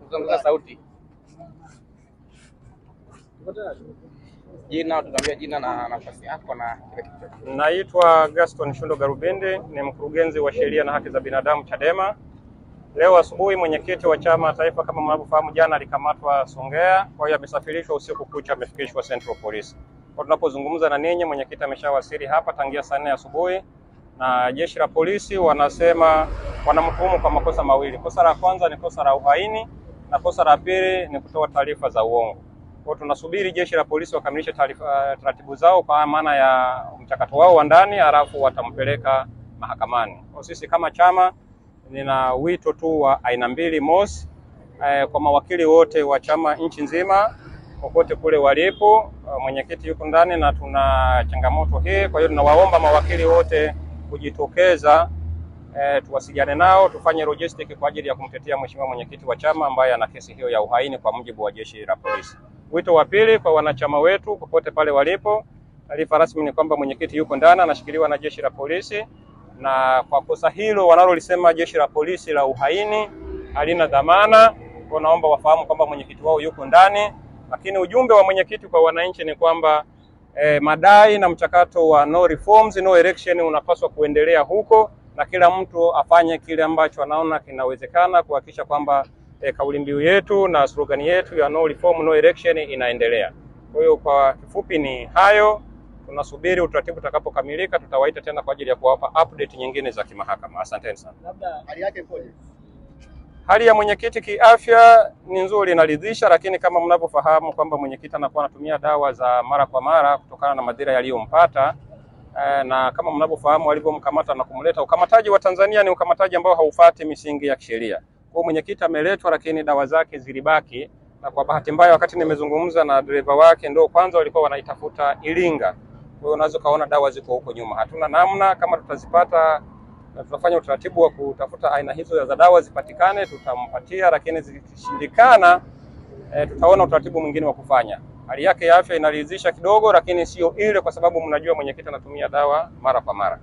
kuzungumza sauti. Jina, jina na nafasi yako na kile Naitwa Gaston Shundo Garubindi, ni mkurugenzi wa sheria na haki za binadamu Chadema. Leo asubuhi mwenyekiti wa chama taifa, kama mnavyofahamu, jana alikamatwa Songea, kwa hiyo amesafirishwa usiku kucha, amefikishwa Central Police. Kwa tunapozungumza na ninyi, mwenyekiti ameshawasili hapa tangia saa nne asubuhi, na jeshi la polisi wanasema wanamtuhumu kwa makosa mawili. Kosa la kwanza ni kosa la uhaini na kosa la pili ni kutoa taarifa za uongo. Kwa tunasubiri jeshi la polisi wakamilishe taarifa eh, taratibu zao kwa maana ya mchakato wao wa ndani, halafu watampeleka mahakamani. Kwa sisi kama chama, nina wito tu wa aina mbili. Mosi, eh, kwa mawakili wote wa chama nchi nzima popote kule walipo, eh, mwenyekiti yuko ndani na tuna changamoto hii. Kwa hiyo tunawaomba mawakili wote kujitokeza e, tuwasiliane nao tufanye logistic kwa ajili ya kumtetea mheshimiwa mwenyekiti wa chama ambaye ana kesi hiyo ya uhaini kwa mujibu wa jeshi la polisi. Wito wa pili kwa wanachama wetu popote pale walipo, taarifa rasmi ni kwamba mwenyekiti yuko ndani anashikiliwa na jeshi la polisi, na kwa kosa hilo wanalolisema jeshi la polisi la uhaini halina dhamana, kwa naomba wafahamu kwamba mwenyekiti wao yuko ndani. Lakini ujumbe wa mwenyekiti kwa wananchi ni kwamba eh, madai na mchakato wa no reforms, no election unapaswa kuendelea huko na kila mtu afanye kile ambacho anaona kinawezekana kuhakikisha kwamba e, kauli mbiu yetu na slogan yetu ya no reform no election inaendelea. Kwa hiyo kwa kifupi ni hayo. Tunasubiri utaratibu utakapokamilika, tutawaita tena kwa ajili ya kuwapa update nyingine za kimahakama. Asanteni sana. Labda hali yake ipoje? Hali ya mwenyekiti kiafya ni nzuri, inaridhisha, lakini kama mnavyofahamu kwamba mwenyekiti anakuwa anatumia dawa za mara kwa mara kutokana na madhira yaliyompata. Eh, na kama mnavyofahamu alivyomkamata na kumleta. Ukamataji wa Tanzania ni ukamataji ambao haufati misingi ya kisheria. Kwa mwenyekiti ameletwa, lakini dawa zake zilibaki, na kwa bahati mbaya, wakati nimezungumza na dereva wake, ndio kwanza walikuwa wanaitafuta Ilinga. Kwa hiyo unaweza kaona dawa ziko huko nyuma. Hatuna namna, kama tutazipata tutafanya utaratibu wa kutafuta aina hizo za dawa zipatikane, tutampatia, lakini zikishindikana, e, tutaona utaratibu mwingine wa kufanya hali yake ya afya inaridhisha kidogo, lakini sio ile, kwa sababu mnajua mwenyekiti anatumia dawa mara kwa mara.